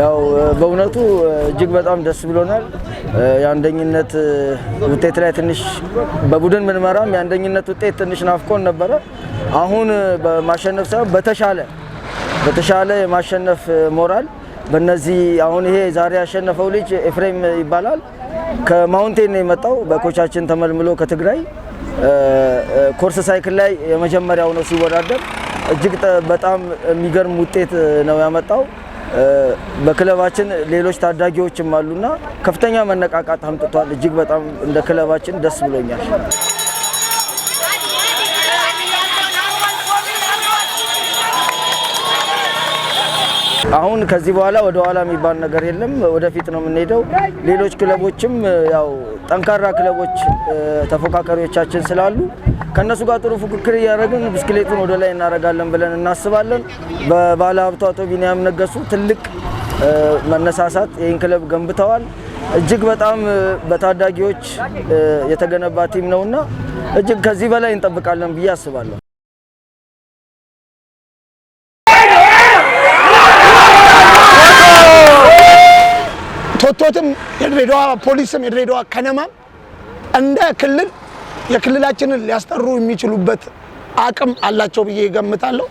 ያው በእውነቱ እጅግ በጣም ደስ ብሎናል። የአንደኝነት ውጤት ላይ ትንሽ በቡድን ብንመራም የአንደኝነት ውጤት ትንሽ ናፍቆን ነበረ። አሁን በማሸነፍ ሳይሆን በተሻለ በተሻለ የማሸነፍ ሞራል በነዚህ አሁን ይሄ ዛሬ ያሸነፈው ልጅ ኤፍሬም ይባላል። ከማውንቴን ነው የመጣው በኮቻችን ተመልምሎ ከትግራይ ኮርስ ሳይክል ላይ የመጀመሪያው ነው ሲወዳደር። እጅግ በጣም የሚገርም ውጤት ነው ያመጣው። በክለባችን ሌሎች ታዳጊዎችም አሉና ከፍተኛ መነቃቃት አምጥቷል። እጅግ በጣም እንደ ክለባችን ደስ ብሎኛል። አሁን ከዚህ በኋላ ወደ ኋላ የሚባል ነገር የለም። ወደፊት ነው የምንሄደው። ሌሎች ክለቦችም ያው ጠንካራ ክለቦች ተፎካካሪዎቻችን ስላሉ ከእነሱ ጋር ጥሩ ፉክክር እያደረግን ብስክሌቱን ወደ ላይ እናደርጋለን ብለን እናስባለን። በባለ ሀብቱ አቶ ቢኒያም ነገሱ ትልቅ መነሳሳት ይህን ክለብ ገንብተዋል። እጅግ በጣም በታዳጊዎች የተገነባ ቲም ነውና እጅግ ከዚህ በላይ እንጠብቃለን ብዬ አስባለሁ። ቶቶትም የድሬዳዋ ፖሊስም የድሬዳዋ ከነማም እንደ ክልል የክልላችንን ሊያስጠሩ የሚችሉበት አቅም አላቸው ብዬ ይገምታለሁ።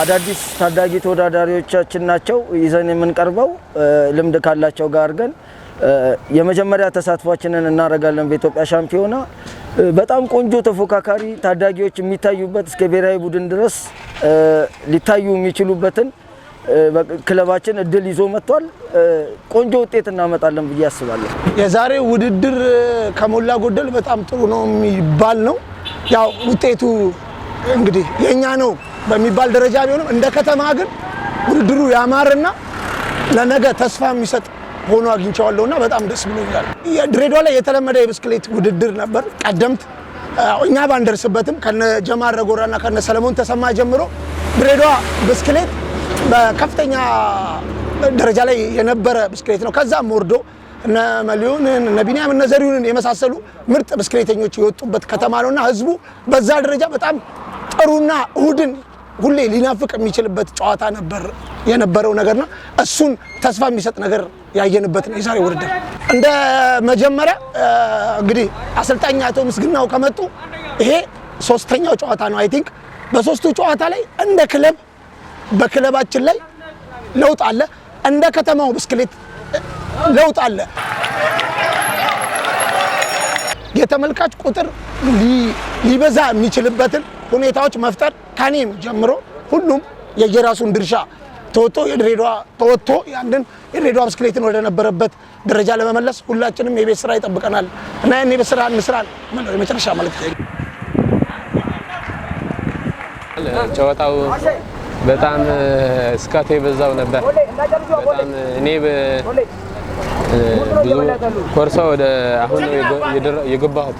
አዳዲስ ታዳጊ ተወዳዳሪዎቻችን ናቸው ይዘን የምንቀርበው ልምድ ካላቸው ጋር ግን የመጀመሪያ ተሳትፏችንን እናደርጋለን። በኢትዮጵያ ሻምፒዮና በጣም ቆንጆ ተፎካካሪ ታዳጊዎች የሚታዩበት እስከ ብሔራዊ ቡድን ድረስ ሊታዩ የሚችሉበትን ክለባችን እድል ይዞ መጥቷል። ቆንጆ ውጤት እናመጣለን ብዬ አስባለሁ። የዛሬ ውድድር ከሞላ ጎደል በጣም ጥሩ ነው የሚባል ነው። ያው ውጤቱ እንግዲህ የእኛ ነው በሚባል ደረጃ ቢሆንም እንደ ከተማ ግን ውድድሩ ያማረና ለነገ ተስፋ የሚሰጥ ሆኖ አግኝቸዋለሁ እና በጣም ደስ ብሎኛል። ድሬዳዋ ላይ የተለመደ የብስክሌት ውድድር ነበር ቀደምት እኛ ባንደርስበትም ከነ ጀማር ረጎራና ከነ ሰለሞን ተሰማ ጀምሮ ድሬዳዋ ብስክሌት በከፍተኛ ደረጃ ላይ የነበረ ብስክሌት ነው። ከዛም ወርዶ እነ መሊዮንን እነ ቢኒያም እነ ዘሪሁንን የመሳሰሉ ምርጥ ብስክሌተኞች የወጡበት ከተማ ነውና ህዝቡ በዛ ደረጃ በጣም ጥሩና እሁድን ሁሌ ሊናፍቅ የሚችልበት ጨዋታ ነበር የነበረው ነው። እሱን ተስፋ የሚሰጥ ነገር ያየንበት ነው የዛሬ ውድድር። እንደ መጀመሪያ እንግዲህ አሰልጣኝ አቶ ምስግናው ከመጡ ይሄ ሶስተኛው ጨዋታ ነው። አይ ቲንክ በሶስቱ ጨዋታ ላይ እንደ ክለብ በክለባችን ላይ ለውጥ አለ። እንደ ከተማው ብስክሌት ለውጥ አለ። የተመልካች ቁጥር ሊበዛ የሚችልበትን ሁኔታዎች መፍጠር ከኔም ጀምሮ ሁሉም የየራሱን ድርሻ ተወጥቶ የድሬዳዋ ተወጥቶ ያንን የድሬዳዋ ብስክሌትን ወደነበረበት ደረጃ ለመመለስ ሁላችንም የቤት ስራ ይጠብቀናል እና ያን የቤት ስራ እንስራል። የመጨረሻ ማለት ጨዋታው በጣም እስካት የበዛው ነበር። በጣም እኔ ብዙ ኮርሳ ወደ አሁን ነው የገባሁት።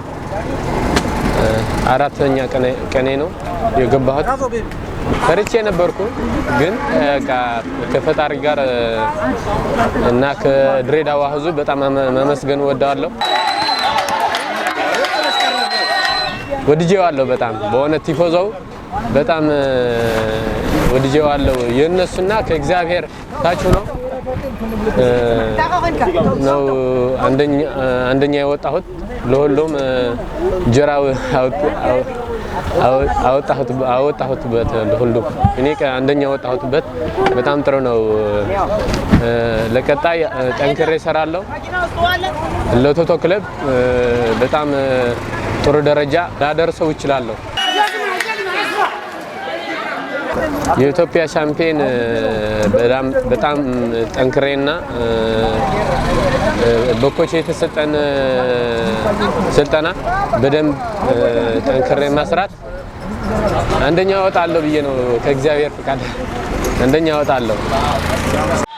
አራተኛ ቀኔ ነው የገባሁት። ፈርቼ ነበርኩ፣ ግን ከፈጣሪ ጋር እና ከድሬዳዋ ሕዝብ በጣም ማመስገን እወዳለሁ። ወድጄዋለሁ በጣም በሆነ ቲፎዛው በጣም ወድጄዋለሁ። የእነሱና ከእግዚአብሔር ታች ነው ነው አንደኛ የወጣሁት። ለሁሉም እንጀራ አወጣሁትበት ለሁሉም እኔ አንደኛ ወጣሁትበት። በጣም ጥሩ ነው። ለቀጣይ ጠንክሬ እሰራለሁ። ለቶቶ ክለብ በጣም ጥሩ ደረጃ ላደርሰው ይችላለሁ። የኢትዮጵያ ሻምፒዮን በጣም ጠንክሬና በኮች የተሰጠን ስልጠና በደንብ ጠንክሬ መስራት አንደኛ እወጣለሁ ብዬ ነው ከእግዚአብሔር ፍቃድ አንደኛ እወጣለሁ።